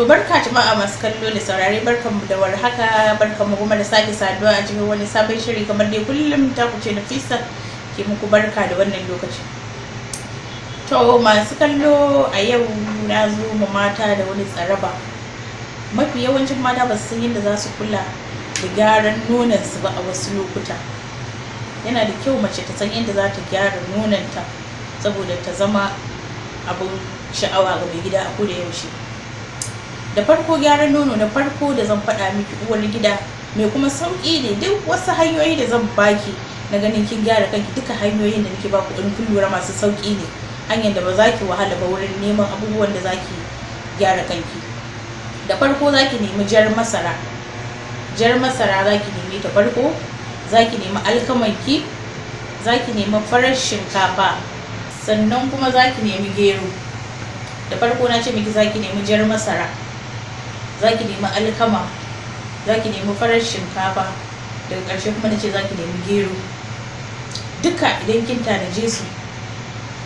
barka jama'a masu kallo da saurare barkanmu da warhaka barkanmu kuma da sake saduwa a cikin wani sabon shiri kamar dai kullum ta kuce na fisa ke muku barka da wannan lokaci to masu kallo a yau na zo ma mata da wani tsaraba mafi yawancin mata ba su san yadda za su kula da gyaran nonon su ba a wasu lokuta yana da kyau mace ta san yadda za ta gyara ta saboda ta zama abin sha'awa ga mai gida a koda yaushe da farko gyaran nono na farko da zan faɗa miki uwar gida mai kuma sauƙi ne duk wasu hanyoyi da zan baki na ganin kin gyara kanki duka hanyoyin da nake baku in kun lura masu sauƙi ne hanyar da ba za ki wahala ba wurin neman abubuwan da za ki gyara kanki da farko za ki nemi jar masara jar masara za ki nemi ta farko za ki nemi alkamanki za ki nemi farar shinkafa sannan kuma za ki nemi gero da farko na ce miki za ki nemi jar masara za ki nemi alkama za ki nemi farar shinkafa daga ƙarshe kuma na ce za ki nemi gero duka idan kin tanaje su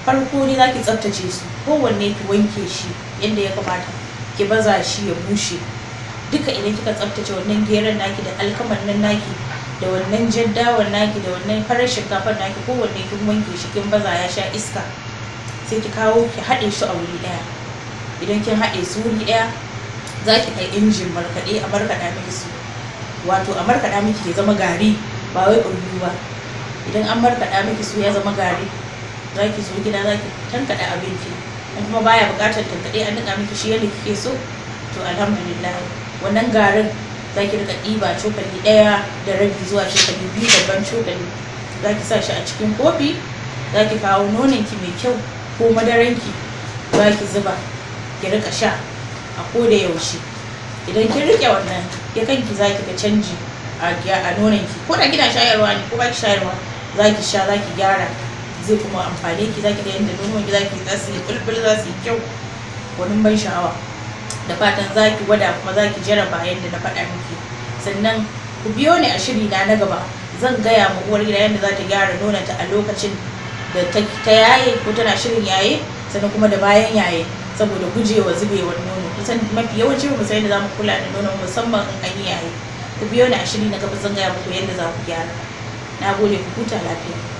farko ne za ki tsaftace su kowanne ki wanke shi yadda ya kamata ki baza shi ya bushe duka idan kika tsaftace wannan geron naki da alkaman nan naki da wannan jaddawar naki da wannan farar shinkafar naki kowanne kin wanke shi kin baza ya sha iska sai ki kawo ki haɗe su a wuri daya idan kin haɗe su wuri daya. za ki kai injin markaɗe a markaɗa miki su wato a markaɗa miki ya zama gari ba wai ƙullu ba idan an markaɗa miki su ya zama gari za ki zo gida za ki tankaɗa abinki in kuma baya buƙatar tankaɗe an niƙa miki shi yadda kike so to alhamdulillah wannan garin za ki riƙa ɗiba cokali ɗaya da rabi zuwa cokali biyu babban cokali za ki sa shi a cikin kofi za ki kawo nononki mai kyau ko madaranki za ki zuba ki riƙa sha a koda yaushe idan kin rike wannan ya kanki zaki ga canji a nonon ki ko da kina shayarwa ne ko baki shayarwa zaki sha zaki gyara zai kuma amfane ki zaki ga yadda nonon ki zaki za su yi bulbul za su yi kyau wani ban sha'awa da fatan zaki gwada kuma zaki jaraba yadda na faɗa miki sannan ku biyo ni a shiri na na gaba zan gaya ma uwar gida yadda za ta gyara ta a lokacin da ta yaye ko tana shirin yaye sannan kuma da bayan yaye saboda gujewa zubewar nono kusan mafi yawanci mu sai da zamu kula da nono musamman an yi ku biyo ni a shiri na gaba zan gaya muku yadda za ku gyara na gode ku huta lafiya